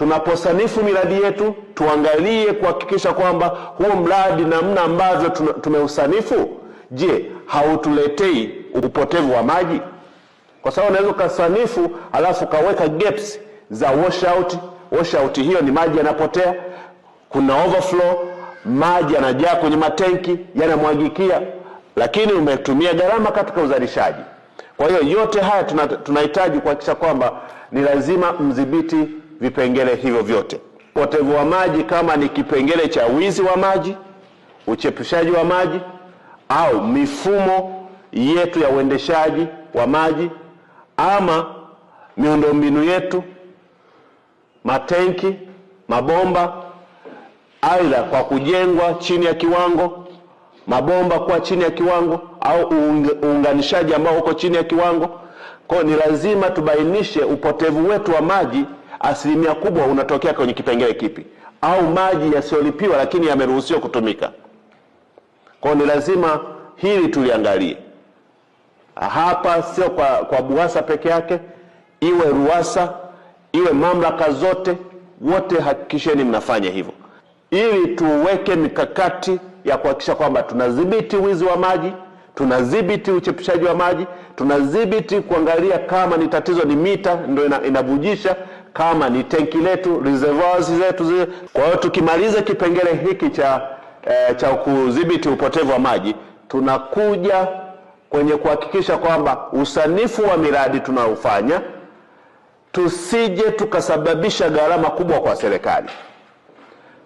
tunaposanifu miradi yetu tuangalie kuhakikisha kwamba huo mradi namna ambavyo tumeusanifu, je, hautuletei upotevu wa maji? Kwa sababu unaweza ukasanifu alafu ukaweka gaps za washout. Washout hiyo ni maji yanapotea, kuna overflow, maji yanajaa kwenye matenki yanamwagikia, lakini umetumia gharama katika uzalishaji. Kwa hiyo yote haya tunahitaji kuhakikisha kwamba ni lazima mdhibiti vipengele hivyo vyote. Upotevu wa maji kama ni kipengele cha wizi wa maji, uchepushaji wa maji, au mifumo yetu ya uendeshaji wa maji, ama miundombinu yetu, matenki, mabomba, aidha kwa kujengwa chini ya kiwango, mabomba kuwa chini ya kiwango, au uunganishaji ambao uko chini ya kiwango. Kwa hiyo ni lazima tubainishe upotevu wetu wa maji asilimia kubwa unatokea kwenye kipengele kipi? Au maji yasiyolipiwa lakini yameruhusiwa kutumika? kwao ni lazima hili tuliangalie hapa, sio kwa, kwa BUWASA peke yake, iwe ruasa iwe mamlaka zote, wote hakikisheni mnafanya hivyo ili tuweke mikakati ya kuhakikisha kwamba tunadhibiti wizi wa maji, tunadhibiti uchepishaji wa maji, tunadhibiti kuangalia kama ni tatizo ni mita ndo inavujisha kama ni tenki letu, reservoirs zetu zile. Kwa hiyo tukimaliza kipengele hiki cha eh, cha kudhibiti upotevu wa maji, tunakuja kwenye kuhakikisha kwamba usanifu wa miradi tunaofanya tusije tukasababisha gharama kubwa kwa serikali.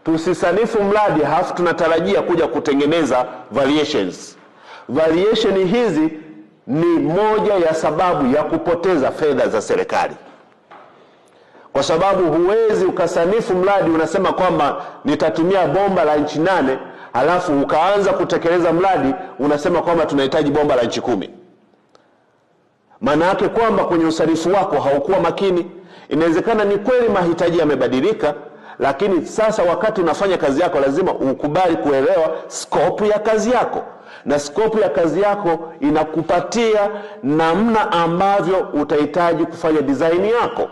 Tusisanifu mradi halafu tunatarajia kuja kutengeneza variations. Variation hizi ni moja ya sababu ya kupoteza fedha za serikali kwa sababu huwezi ukasanifu mradi unasema kwamba nitatumia bomba la nchi nane alafu ukaanza kutekeleza mradi unasema kwamba tunahitaji bomba la nchi kumi maana yake kwamba kwenye usanifu wako haukuwa makini inawezekana ni kweli mahitaji yamebadilika lakini sasa wakati unafanya kazi yako lazima ukubali kuelewa skopu ya kazi yako na skopu ya kazi yako inakupatia namna ambavyo utahitaji kufanya dizaini yako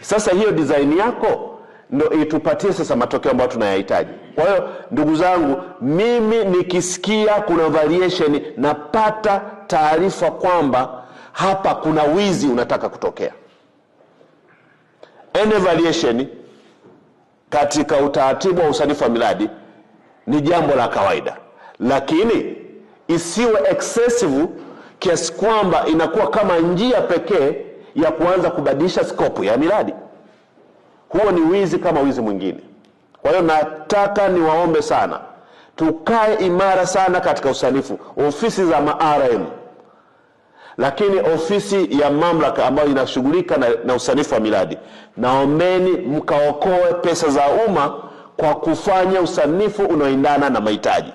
sasa hiyo design yako ndo itupatie sasa matokeo ambayo tunayahitaji. Kwa hiyo ndugu zangu, mimi nikisikia kuna variation napata taarifa kwamba hapa kuna wizi unataka kutokea. Any variation katika utaratibu wa usanifu wa miradi ni jambo la kawaida, lakini isiwe excessive kiasi kwamba inakuwa kama njia pekee ya kuanza kubadilisha skopu ya miradi, huo ni wizi kama wizi mwingine. Kwa hiyo nataka niwaombe sana, tukae imara sana katika usanifu ofisi za mrm lakini ofisi ya mamlaka ambayo inashughulika na, na usanifu wa miradi, naombeni mkaokoe pesa za umma kwa kufanya usanifu unaoendana na mahitaji.